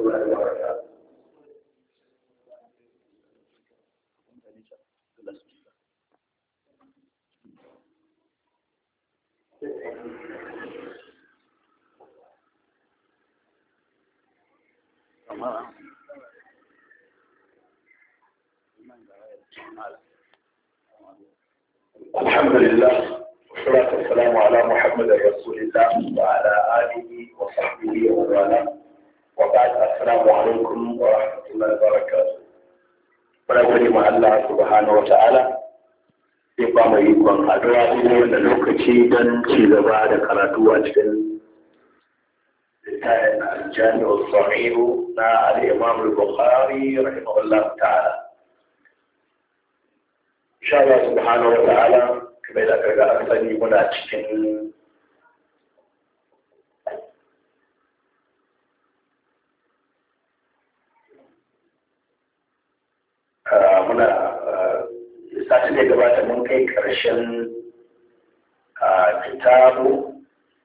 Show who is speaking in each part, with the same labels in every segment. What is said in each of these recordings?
Speaker 1: الله وبركاته haɗuwa kuma wanda lokaci don ci gaba da karatu a cikin littafin aljami'ul sahihu na al-imam al-bukhari rahimahullah ta'ala insha Allah subhanahu wa ta'ala kamar da kaga an sani muna cikin cikin kitabu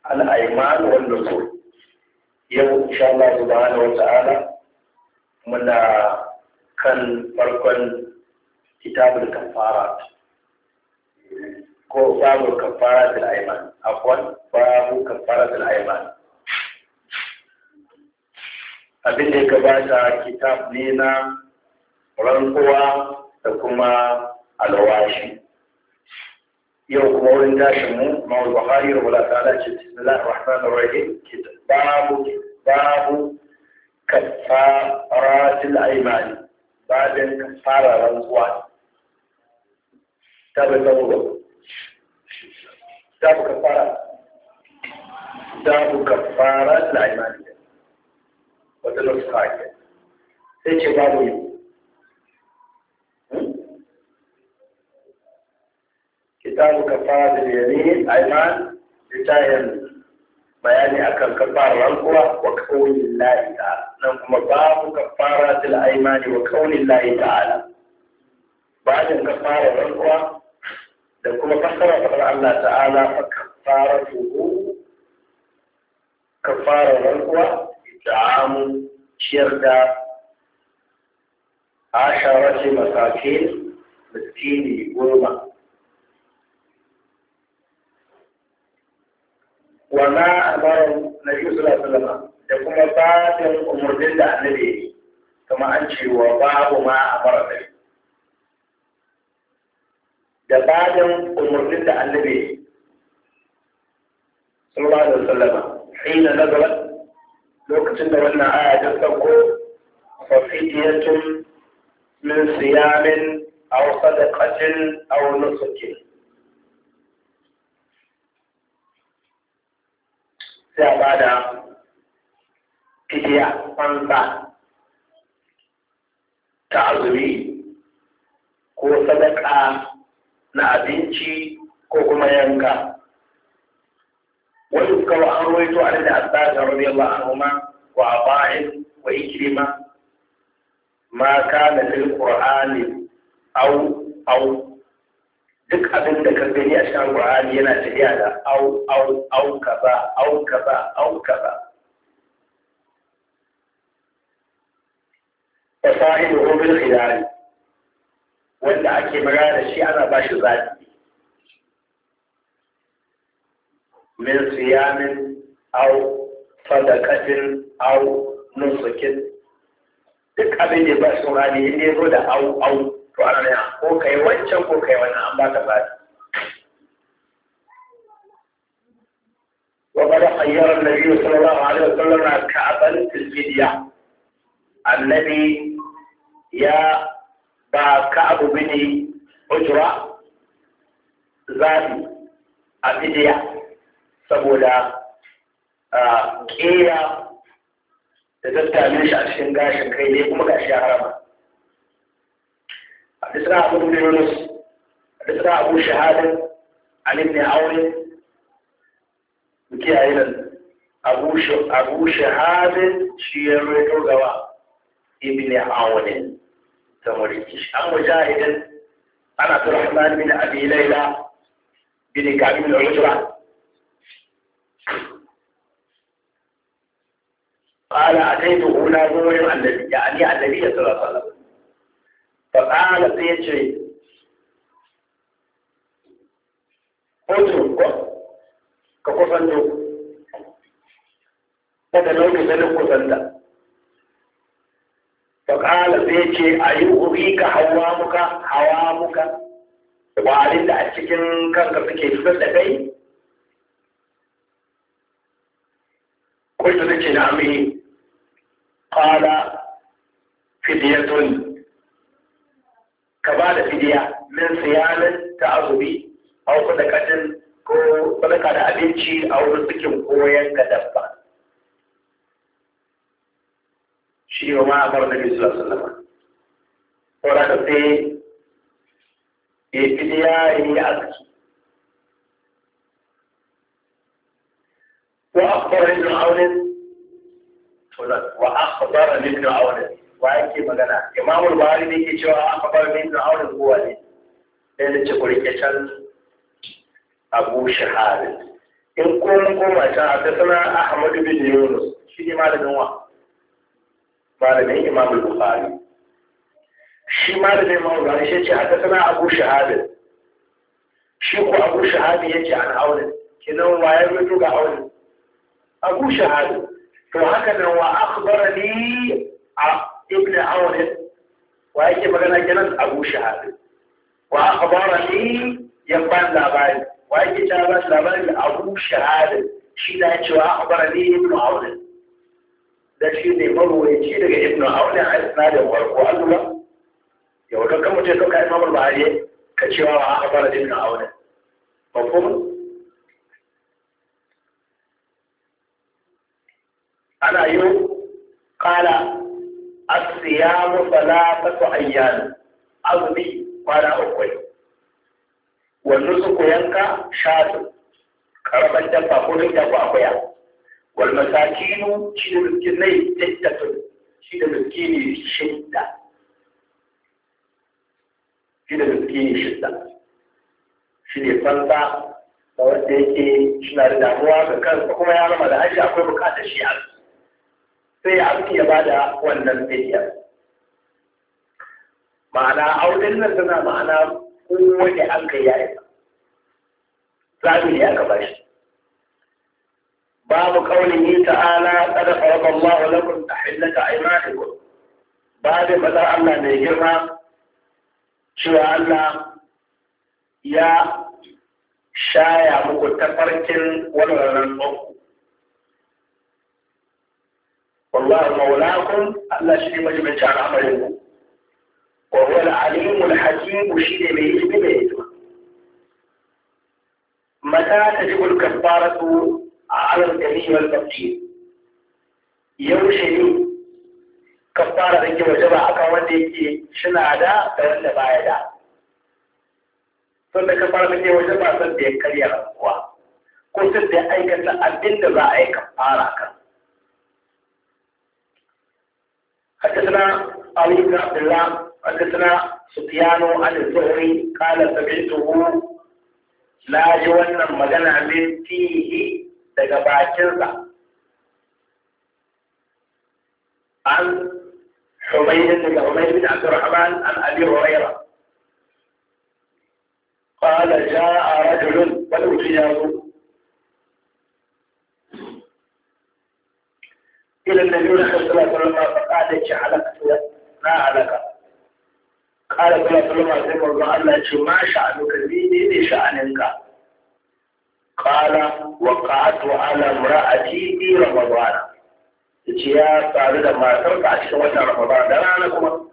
Speaker 1: al'aiman wanda so yau insha Allah subhanahu wa ta'ala muna kan farkon kitabul kafara ko babu kafara da aiman akwai babu kafara da aiman abin da ya gabata kitab ne na rantsuwa da kuma alwashi يو قولين داشمو مول بخاير ولا تعالى بسم الله الرحمن الرحيم باب باب كفارات الأيمان بعد كفارة رمضان كتاب التوبة كتاب كفارة كتاب كفارات الأيمان وتنصحك تيجي باب يوم kitabu kafara da yamin aiman yanzu. bayani akan kafara rankuwa wa kaunin layi ta'ala nan kuma babu kafara til aimani wa kaunin lahi ta'ala bayan kafara rankuwa da kuma kasara da Allah ta'ala fa kafara tuhu kafara rantsuwa ta'amu ciyar da asharati masakin miskini goma wa ma amara nabi sallallahu alaihi wasallam da kuma babin umarnin da annabi yi kuma an ce wa babu ma a marar da babin umarnin da annabi yi sallallahu alaihi wasallam hina nazara lokacin da wannan aya ta sauko fa fidiyatun min siyamin aw sadaqatin aw nusukin sai a ba da fidiya fansa ta azumi ko sadaka na abinci ko kuma yanka wani kawo an ruwaito a da asata radiyallahu anhuma wa aba'in wa ikrima ma kana lil qur'ani aw aw duk abin da ka gani a cikin Qur'ani yana tafiya da au au au kaza au kaza au kaza wa sahibu bil khilal wanda ake magana da shi ana ba shi zaɓi min siyamin au sadaqatin au nusukin duk abin da ba shi Qur'ani inda da au au to ana ko kai wancan ko kai wannan an baka zaɓi وقد خير النبي صلى الله عليه وسلم كعبا في الفدية النبي يا با كعب بن أجرة زادي الفدية سبولا آه كيا تتبتع منش أشين غاشن كي ليه كما غاشي حرما حدثنا أبو بن يونس حدثنا أبو شهادة عن ابن عون بكي أيضا أبو, ش... أبو شهادة شيرو توغوا ابن عون تمريكيش أم مجاهد أنا عبد الرحمن بن أبي ليلى بن كعب بن عجرة قال أتيت هنا نور النبي يعني النبي صلى الله عليه وسلم sai ce فقال سيتري اترك ككفنتو kada lokacin kusanta faƙala sai ce a yi uri ka hawa muka hawa muka wa'alin da a cikin kanka suke fitar da kai kulta nake na amini ƙala eh. fidiyatun كبالة فيديا من صيام تعظمي أو صدقة كو صدقة على أبنشي أو رزق قوية كدفة شيء وما أمر النبي صلى الله عليه وسلم ولا تبدي فيديا هي أزكي وأخبر ابن عون وأخبر ابن عون wa yake magana imamul buhari ne ke cewa an kafa min na auren kowa ne sai da cikin rikicin abu Shahabi. in kun koma ta haddasa ahmadu bin yunus shi ne malamin wa malamin imamul buhari shi malamin imamul buhari shi ce haddasa abu shahari shi ko abu shahari yake an auren kinan wayar mutu ga auren abu Shahabi. to haka nan wa akhbarani a ibn awad wa yake magana kenan abu shahab wa akhbarani ya ban labari wa yake ta ba labari abu shahab shi da ya ce wa akhbarani ibn awad da shi ne marwayaci daga ibn awad a isnadin farko Allah ya wato kan mutum ka kai mamar bahari ka cewa wa akhbarani ibn awad mafhum ana yau kala asiyamu salatatu ayyan azumi kwana uku wannan su yanka shatu karaban dabba ko duk dabba akwai wal masakinu shi da miskinai tattatun shi da miskini shidda shi da ne shidda shi ne fanta da wanda yake shi na da damuwa ga kansa kuma ya zama da hajji akwai bukatar shi a sai aski ya da wannan fidiya ma'ana auren nan tana ma'ana kowane an kai ya yi zaɓi ne aka bashi babu kaulihi ta'ala qad farada a lakum tahillata Ba babu fadar Allah mai girma cewa Allah ya shaya muku tafarkin wannan rantsuwa والله مولاكم الله شيء مجمع كان عملكم وهو العليم الحكيم شيء بيجب بيجب متى تجب الكفارة على الجميع والتفجير يوشني كفارة ذكي وجبع أكا وديكي شنا دا فوانا بايا دا سنة كفارة ذكي وجبع سنة كريا رسوا ko sun da aikata abin كفارة za حدثنا علي بن عبد الله حدثنا سفيان عن الزهري قال سمعته لا جوانا مدنا من فيه fihi daga عن حميد بن حميد بن عبد الرحمن عن ابي هريره قال جاء رجل ولو جيازه إلى النبي صلى الله عليه وسلم فقال ما علك قال صلى الله عليه وسلم قال ما شأنك ذي شأنك قال وقعت على امرأتي في رمضان يا صاحبي لما ترفع شيء وجه رمضان دعا لكم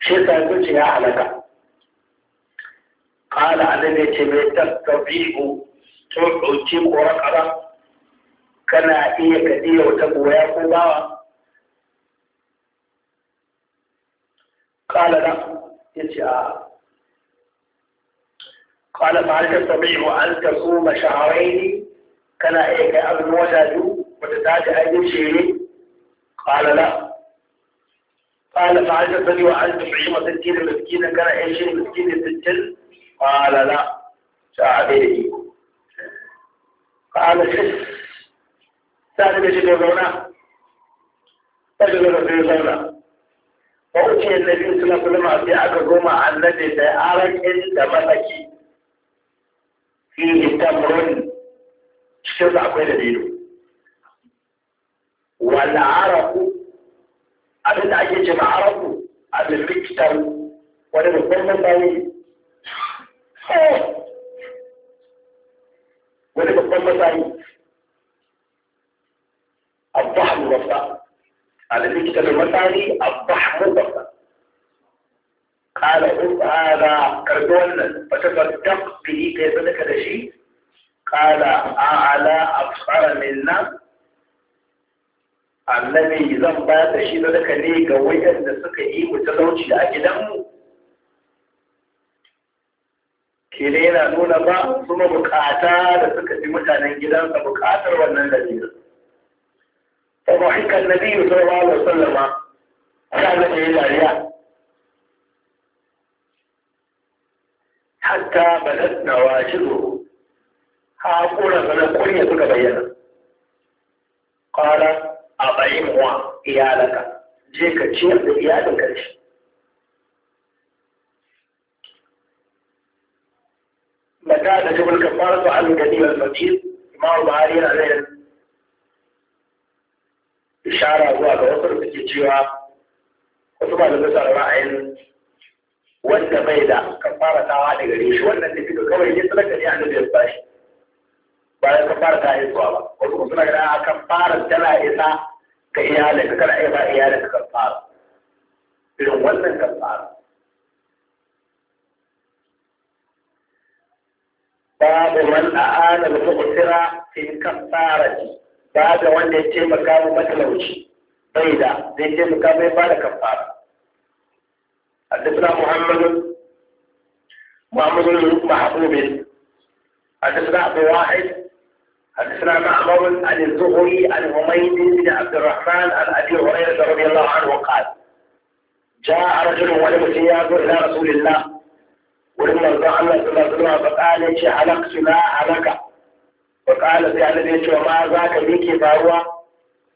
Speaker 1: شيء سألت يا علك قال أنا نتمنى تستطيع تعطي قرقبة kana iya ka iya wata goya ko bawa kala da ya ce a kala ba ta sabi wa an ta so ma mashaharai kana iya kai abin wata biyu wata ta ji ainihin shere kala da kala ma ta sabi wa an ta sabi masarki da miskina kana iya shi miskina sittin kala na ta a da iko kala shi sai annabi ya ce to zauna sai da sai zauna wa da annabi suna alaihi wasallam sai aka goma annabi da arakin da mataki fihi tamrun cikin sa akwai da dino wal araku abin da ake ce ma araku abin miktar wani wani babban matsayi أصبح مبسط على نكتب المثالي أصبح مبسط قال أنت هذا كردون فتفر تقبلي كيف ذلك هذا الشيء قال أعلى أبصر منا علمي ذنبا تشي ذلك لي قوية نسكي إيه وتدوش لأجدهم كلينا نونا ما ثم بكاتا لسكة مكان جدا فبكاتا ونن لديه وضحك النبي صلى الله عليه وسلم على إلى رياء حتى بدت نواجذه هاقول فلا كل يتك بينا قال أطعمه إيالك جيك تشير بإيالك ليش متى تجب الكفارة عن المجيد ما هو البخاري عليه إشارة هو الوصر في الجيوة وثم الوصر رائل وانت بيدا كفارة عالي غريش وانا تفيدو كوي يطلق اللي عنده بيطلق بعد كفارة عالي صوابا وثم سنة قراءة كفارة تلا إيسا كإيالة كرا إيسا إيالة كفارة إنه وانا كفارة باب من أعاد بفقصرة في كفارتي ta haka wanda ya taimaka mu matalauci bai da zai taimaka mai ba da kafara حدثنا محمد محمد بن محبوب حدثنا عبد واحد حدثنا معمر عن الزهري عن حميد بن عبد الرحمن عن ابي هريره رضي الله عنه قال جاء رجل ولم ثيابه الى رسول الله ولما رضى الله صلى الله عليه وسلم فقال حلقت لا حلقه wa ƙala sai annabi ya ce ma za ka me faruwa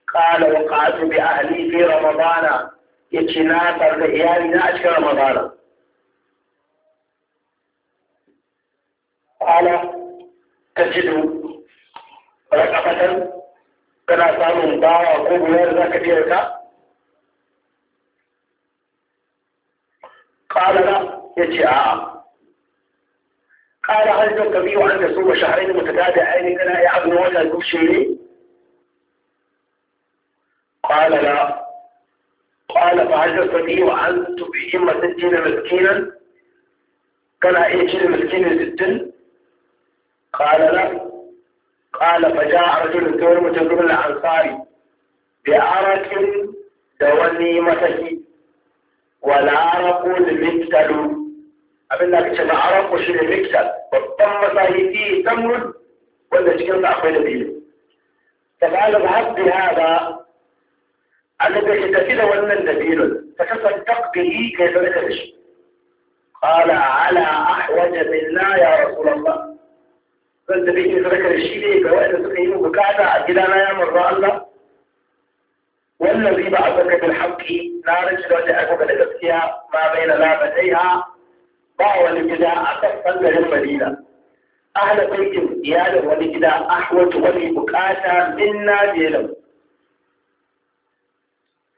Speaker 1: ƙala wa ƙatu bi ahli fi ramadana ya ce na da iyali na a cikin ramadana ƙala ta kana samun bawa ko buyar za ka biyar ka ya a'a قال هل ذا أن تصوم شهرين متتابعين يا ابن ولا تبشري قال لا قال فهل ذا أن تبهم ستين مسكينا كما يجد مسكين ستين قال لا قال فجاء رجل الدور متجر الأنصاري بعرق دوني متكي ولا المكتل لمكتل da لك ce na araku babban matsayi fi tamrun wanda cikin sa akwai da biyu tafala zahabbi hada annabi ka tafi da wannan dabilun ta tasaddaq bihi kai sadaka da shi qala ala ahwaj minna ya rasul allah zan tafi ki sadaka da shi ne ga wanda suka yi bukata a gidana ya manzo allah والذي بعثك بالحق نارج لو جاءك بالغسيا ما بين لابتيها ba wani gida a kan ɓangaren madina ahla baitin iyalin wani gida ahwatu wani bukata min na jelan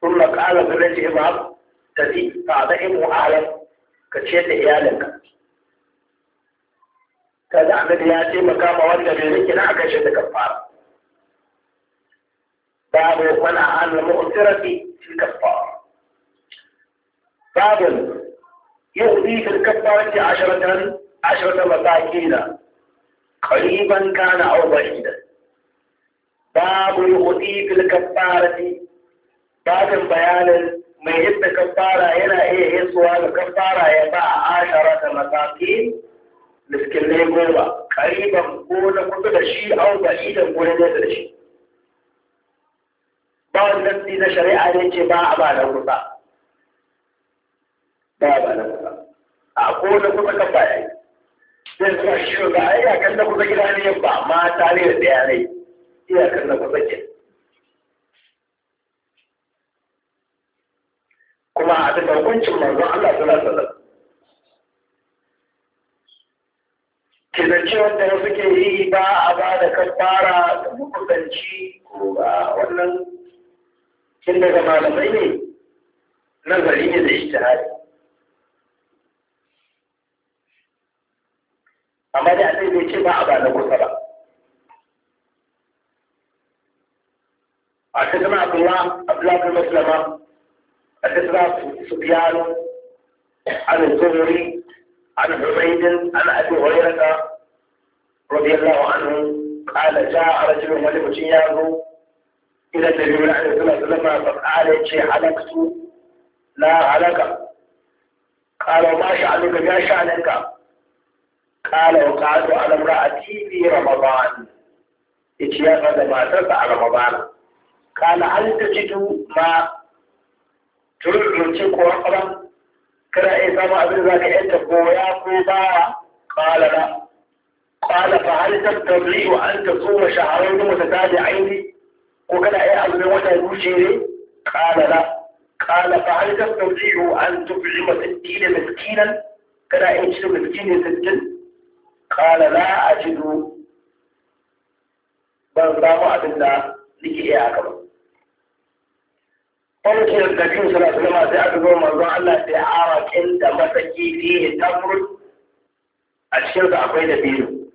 Speaker 1: ثم قال فلت إمام تذي فأضعمه أهلا كشيت إيالك كذا أحمد ياتي مقام وانت بيريك نعك شد كفار باب منع عن المؤثرة في الكفار باب يهدي في الكفارة عشرة عشرة مساكين قريبا كان أو بعيدا باب يهدي في الكفارة باب بيان ما يهد كفارة هنا إيه يسوى الكفارة يباع عشرة مساكين لسكن goma kariban ko na kusa da shi an bashi da ko na da shi ba wani nasi na shari'a ba ba na kusa a ko na kusa kan ba zai sa shi ga ai a kan na kusa gida ne ba ma tare da ya ne iya kan na kusa ke kuma a cikin hukuncin manzon Allah sallallahu alaihi wasallam kizancewar da suke yi ba a ba da kafara da hukunci ko ba wannan kin daga malamai ne nazari ne da ijtihadi amma da Allah bai ce ba a ba na kusa ba حدثنا عبد الله عبد الله بن مسلمة حدثنا سفيان عن الزهري عن حميد عن أبي هريرة رضي الله عنه قال جاء رجل ولم يجياه إلى النبي عليه الصلاة والسلام فقال شيء علقت لا علق قال وما شأنك يا شأنك kala wa ka'adu ala ra'ati fi ramadan yace da matarsa a ramadan kala an tajidu ma turruci ko akaba kada ai samu abin zaka قال فهل تستطيع أن تصوم شهرين متتابعين وكان أي أمر وتنوشي قال لا قال فهل تستطيع أن تطعم ستين مسكينا كان أي مسكين ستين kala na a jidu ban samu abin da nike iya haka ba ƙwanciyar da biyu suna suna masu yadda zo manzon Allah sai a arakin da masaki fiye tamrud a cikin da akwai da biyu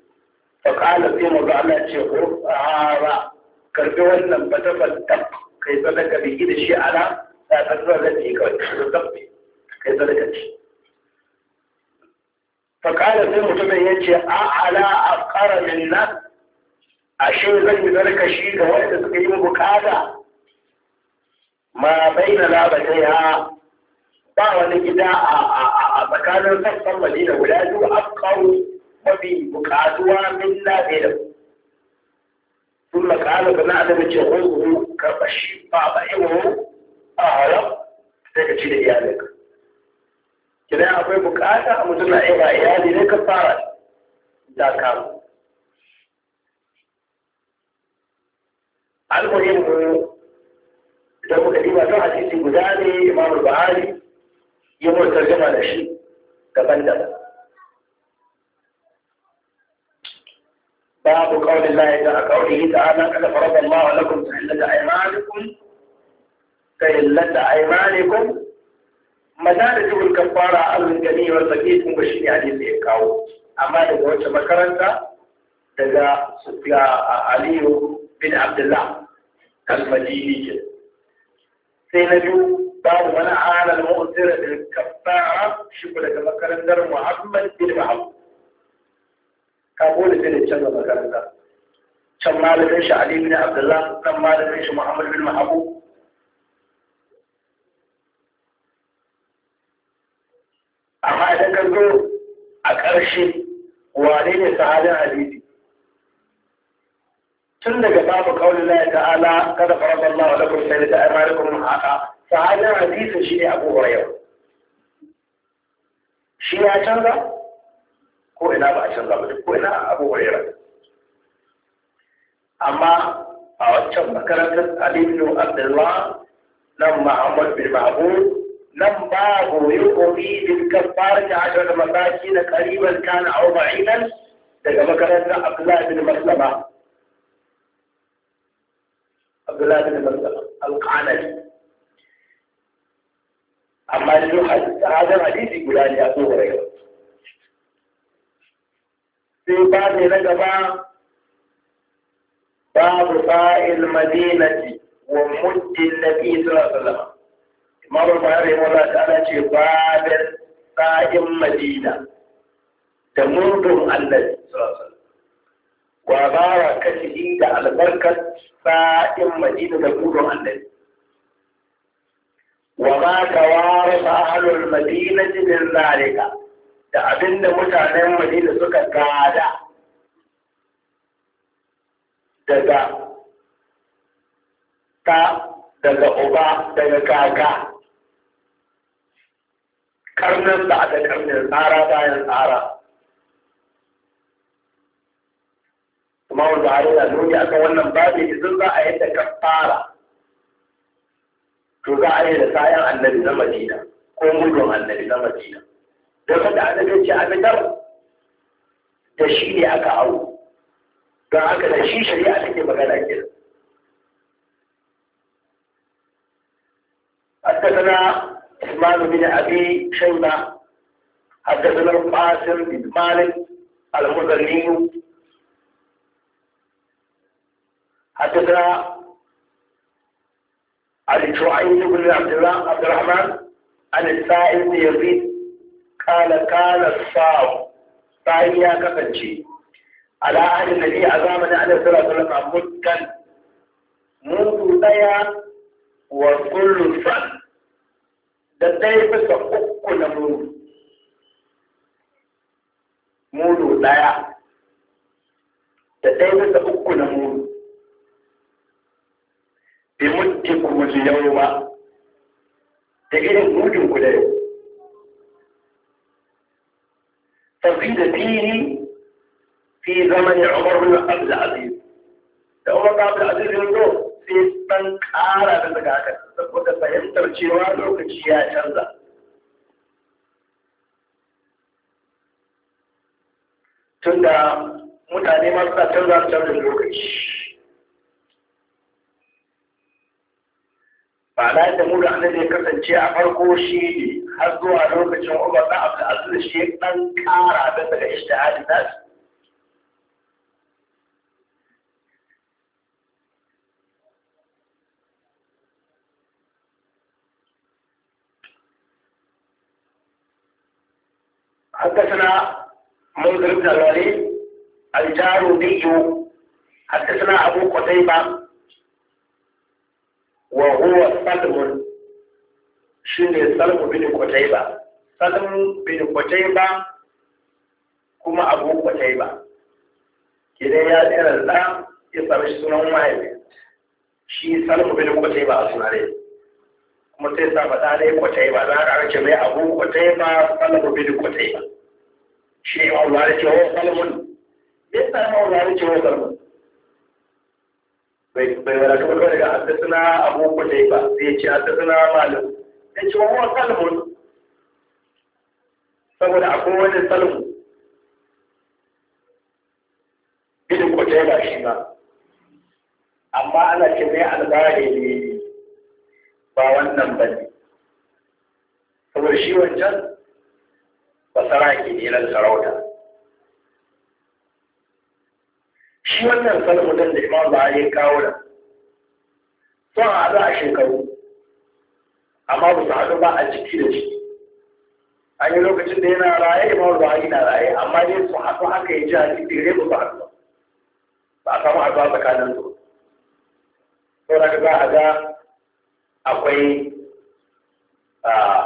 Speaker 1: fa kala sai manzon Allah ce ko oh, ara karfe wannan fatafar tab kai sadaka biyu da shi ana ta tsara da ke kawai da kai sadaka ce faƙala sai mutumin ya ce a ala a ƙaramin nan ashe zan yi shi ga wanda suka yi bukata ma bai na labarai ha ba wani gida a tsakanin sassan madina guda biyu a kawo mafi bukatuwa min labarai sun makala ba na adama ce hunhu karɓa shi ba ba a haram sai ka ci kina akwai bukata a mutum na iya iyali ne ka fara da kamu almuhim idan muka diba don hadisi guda ne imamu buhari ya mu tarjama da shi daban daban باب قول الله تعالى قوله تعالى قد فرض الله لكم تحلة أيمانكم تحلة أيمانكم mata da jibin kafara azumin gani wa sake kun ba shi ne hadisi ya kawo amma daga wacce makaranta daga sufiya a aliyu bin abdullah al-madini ke sai na biyu babu wani alal mu'tira bil kafara shi ko daga makarantar muhammad bin mahab ka bude sai da canza makaranta can malamin shi ali bin abdullah dan malamin shi muhammad bin mahab ne sahabin hadisi tun daga babu kawai Allah ta'ala kada farad Allah lakum sai da amalikum haka sahabin hadisi shi ne Abu Hurairah shi ya canza ko ina ba a canza ba ko ina Abu Hurairah amma a waccan makarantar Ali ibn Abdullah nan Muhammad bin Mahmud لم باب يقضي بالكفارة عشر مساكين قريبا كان أو بعيدا daga makarantar Abdullahi bin Maslama Abdullahi bin Maslama al-Qanani amma duk hadin hadisi guda ne a tsohon yau sai ba ne na gaba babu fa'il madinati wa muddin nabi sallallahu alaihi wasallam imamu bayar rahimahullah ta'ala ce babin sa'in madina da murdun Allah wa bara kashihi da albarkar sa'in madina da gudun Allah wa ma tawara ahlul madinati min zalika da abinda mutanen madina suka gada daga ta daga uba daga kaka karnin da aka karnin tsara bayan tsara imamu da hari na nuni akan wannan babi idan za a yadda kafara to za a yi da kayan annabi na madina ko mudun annabi na madina don haka annabi ce a fitar da shi ne aka hau don haka da shi shari'a take magana kenan حدثنا عثمان بن ابي شيبه حدثنا القاسم بن مالك المزني حدثنا عن شعيب بن عبد الله عبد الرحمن عن السائل بن يزيد قال كان الصاب صاحب يا كفنشي على أهل النبي أزامنا عليه الصلاة والسلام مدكا منذ ديا وكل فن da ɗaya bisa uku na mudu mudu ɗaya da ɗaya bisa uku na mudu bi muttikum al ba, da irin gudun ku da yau تفيد فيه في زمن عمر بن عبد العزيز da Umar bin Abdul Aziz yanzu sai dan ƙara da daga haka saboda fahimtar cewa lokaci ya canza tunda mutane masu suna canza canza lokaci ma'ana da mu da annabi ya kasance a farko shi ne har zuwa lokacin umar na abu aziz shi dan kara da daga ishtihadi nasu حدثنا منذر بن الوليد الجارودي حدثنا ابو قتيبه wa huwa salmun ne salmu bin qutayba salmu bin qutayba kuma abu qutayba idan ya tsira da ya sami sunan mahaifi shi salmu bin qutayba a sunare kuma sai sa faɗa ne qutayba za ka rake mai abu qutayba salmu bin qutayba shi ne Allah ya ce wa oh, salmun ya sami Allah ya ce wa oh, salmun bai bai kuma daga haddasana abu kudai ba zai ce haddasana malam Ya ce wa salmun saboda akwai wani salmu bin kudai ba shi ba amma ana ce mai albari ne ba wannan ba ne saboda shi wancan ba ke ne na sarauta shi wannan kalmu nan da imam ba ya kawo da sun haɗu a shekaru amma ba su haɗu ba a ciki da shi an yi lokacin da yana raye imam ba na raye amma dai su haɗu haka ya ji a jiki da ba haɗu ba a samu haɗuwa tsakanin su sau da za a ga akwai ah,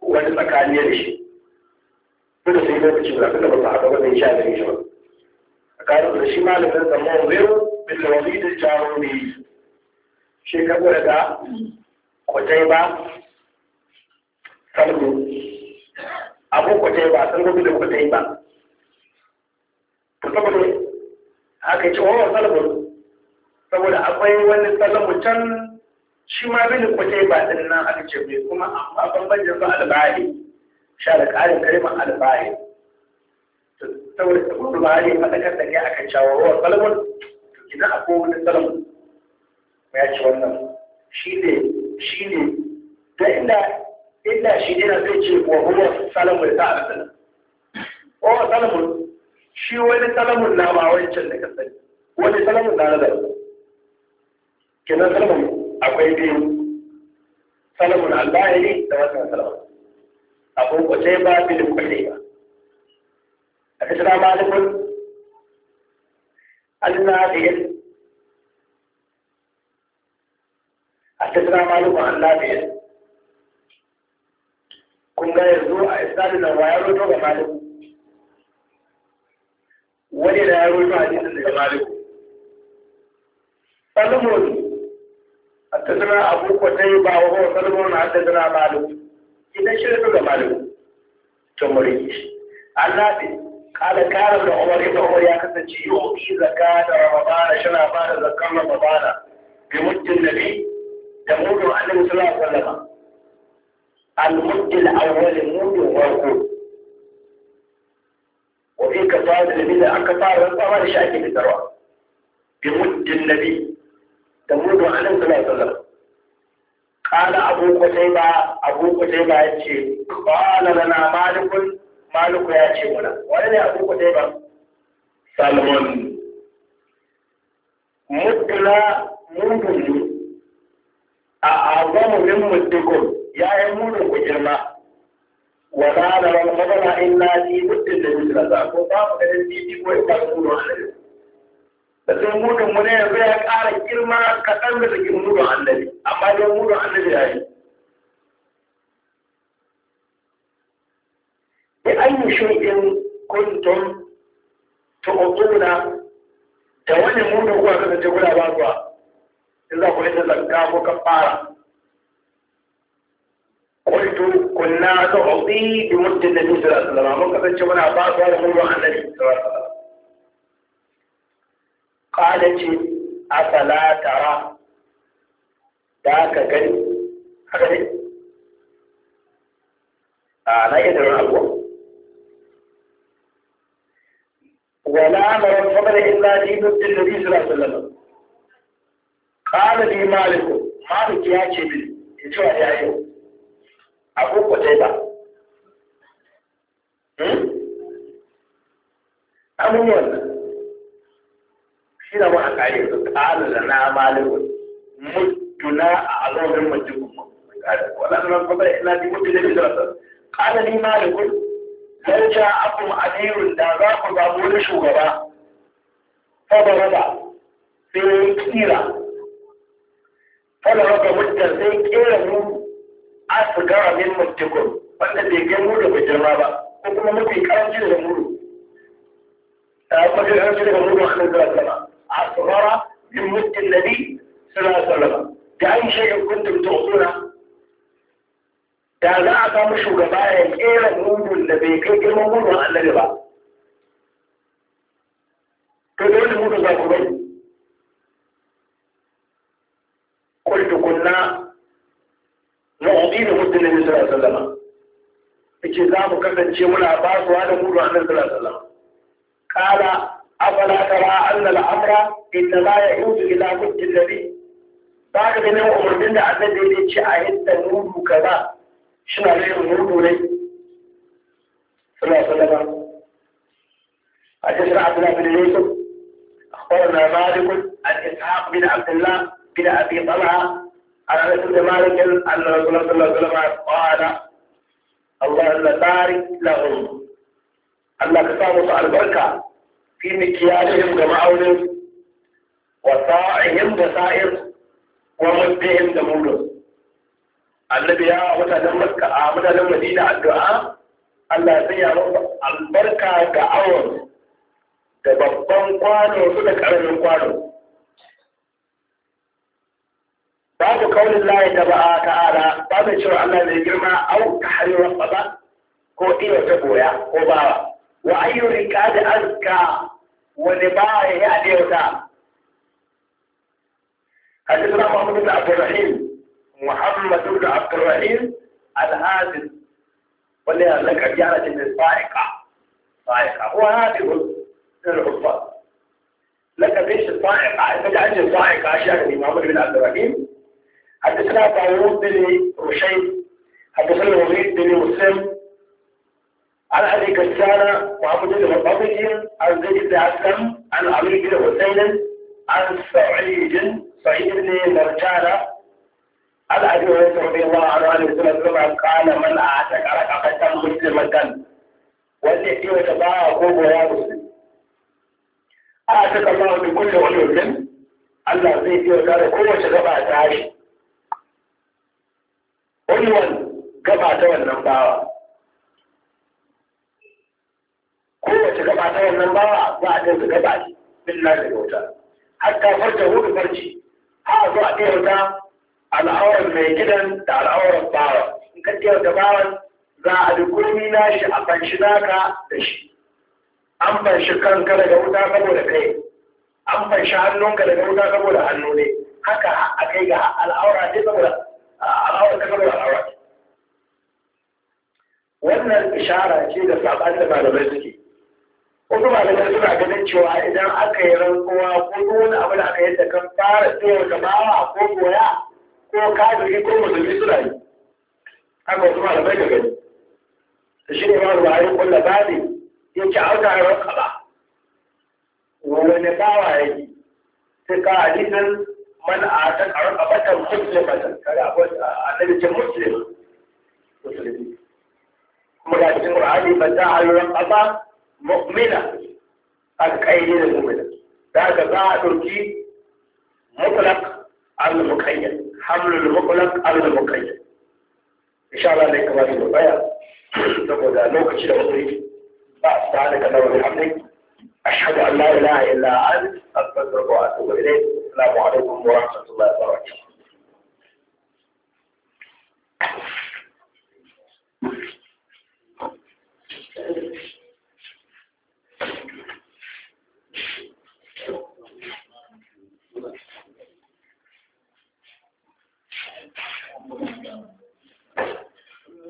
Speaker 1: wani tsakaniyar da shi dole sai da cikin lokacin da ba a ga zai sha da shi ba a karin da shi malamin zaman zero bin wani da jawo ne shi ka gura da kwatai ba sarko abu kwatai ba sun gobe da kwatai ba ta saboda haka ce wawan oh, sarko saboda akwai wani salamu can shi ma bin kwatai ba din nan aka ce mai kuma amma bambancin su albari sha da ƙarin kalmar alfahari saboda ta kudu ba ne faɗakar da ke akan shawarwar salamun gina a akwai salamun ya ci wannan shi ne shi ne ta inda inda shi na zai ce wa ruwan salamun ta a sana Ruwan salamun shi wani salamun na ba wancan da ka sani wani salamun na nazar kenan salamun akwai biyu salamun albahiri da wannan salamun abu kwace ba su da kwace ba a fitra ba su kun allah da yin a fitra ma lukun allah da yin kun ga yanzu a isalin na wayar roto ga maliku wani da ya roto a jinsu daga maliku a fitra abu kwace ba wa kuma salimoni a fitra idan shirin da ga malamu to muriki shi annabi kala kara da umar ibn umar ya kasance yi wa yau bi zakata ramadana shana ba da zakkan ramadana bi muddin nabi da mudun annabi sallallahu alaihi wasallam al muddin awwal mudun warko wa fi kasada nabi da aka fara rantsawa da shi ake fitarwa bi muddin nabi da mudu annabi sallallahu alaihi wasallam قال أبو قتيبة أبو قتيبة يأتي قال لنا مالك مالك يأتي هنا وين أبو قتيبة سلمون مطلع مدل أعظم من مدكم يا يمود كجرما ولا لنا الفضل إلا في مدل مثل ذاك وقام بالذي يقول da sai mudun mu ne zai ya ƙara girma kaɗan da take mudun annabi amma dai mudun annabi ya yi bi ayi shay'in kuntum tu'tuna da wani mudun kuwa kasance kuna ba kuwa in za ku yi da zakka ko kafara قلت كنا نعطي بمد النبي صلى الله عليه وسلم من قد جمعنا ba هذا النبي صلى الله Kwada ce, Asala tara, da aka gani, aka A na yi dara abuwa? Wala mara kamar illa ni nufin da Isra sallallahu. Kwada ni maliku, maliki ya ce bil, ya ce wa ya yi. Abu ko ta yi ba. Abubuwan da. amaale a muccu naa aloo bi mucc ko mu wala na ko bari naa di sa xaana ni maale ko lan caa akum adiru ndaa zaa ko baa mu wani shugaba fada raba sai kiira fada raba mucca sai kiira mu asgara min mucc wanda bai gan mu da bai ba ko kuma mafi karanci da muru a kuma shi karanci da muru a kan zara zara a من مد النبي صلى الله عليه وسلم da an shayar da za a samu shugaba ya kera mudun da bai kai girman mudun annabi ba to dole mudun za ku bai قلت كنا نعطي لمد da صلى الله عليه وسلم za mu kasance muna ba su hada mudu annabi sallallahu kala أفلا ترى أن الأمر إنما يعود إلى مد النبي بعد أن أمر من أن الذي جاء a yadda كذا kaza suna yin nudu ne suna sallama a ce suna abdullahi bin أخبرنا مالك عن إسحاق بن عبد الله بن أبي طلحة عن أنس بن مالك أن رسول الله صلى الله عليه وسلم قال اللهم بارك لهم الله كتابه البركة fi mikiyalihim da ma'aunin wa sa'ihim da sa'ir wa muddihim da mudun annabi ya mutanen makka a mutanen madina addu'a Allah ya sanya musu albarka ga awon da babban kwano su da karamin kwano babu kaunin layi da ba'a ta'ala babu cewa Allah mai girma au ta ba, ko iya ta goya ko bawa وأي ركاد أزكى ونباره أديوتا يعني حدثنا محمد بن عبد الرحيم محمد بن عبد الرحيم الهادث ولها لك جارة صائقة صائقة هو هادث من الحفاظ لك بيش الصائقة جعلت الصائقة أشياء محمد بن عبد الرحيم حدثنا طاووس بن رشيد حدثنا وليد بن مسلم alhadikar tara ba mu jirgin babbakin arziki da haskan an amurki da hussainin an sa'ajin sa'ajin ne martara al'adun wani sarfi wa a rani suna zama kala mana a ta karaka fatan musulman kan wanda ke wata ba a gogo musu a ta kama wani kulle wani wajen allah zai ke wata da kowace gaba tare wani wani gaba ta wannan bawa gaba ta wannan bawa za a ɗaya gaba shi bin na da wuta har kafar ta hudu barci a zo a ɗaya wuta al'auran mai gidan da al'auran bawa in ka ɗaya da bawa za a da kurmi na shi a ban fanshi naka da shi an ban shi kanka daga wuta saboda kai an ban shi hannunka daga wuta saboda hannu ne haka a kai ga al'aura ne saboda al'aura ta saboda al'aura wannan ishara ce da saɓani da malamai suke wasu malamai suna ganin cewa idan aka yi rantsuwa ko wani abu da aka yadda kan fara tsohon da ko goya ko kafiri ko musulmi suna yi haka wasu malamai ga gani da shi ne ba da yin kulla ba ne ya ci auta ya rantsa ba wani bawa ya yi sai ka hadisin man a ta karɓa batan muslimatan kada akwai annabi ce muslim musulmi kuma da cikin qur'ani ba ta rantsa ƙasa مؤمنة أكيد المؤمنة هذا باع تركي مطلق على المقيد حمل المطلق على المقيد إن شاء الله لك ما يجب البيع نقول لا نوك جدا مطريف بعد ذلك الله بحمدك أشهد أن لا إله إلا أنت أتبذرك وأتوب إليك السلام عليكم ورحمة الله وبركاته Thank you.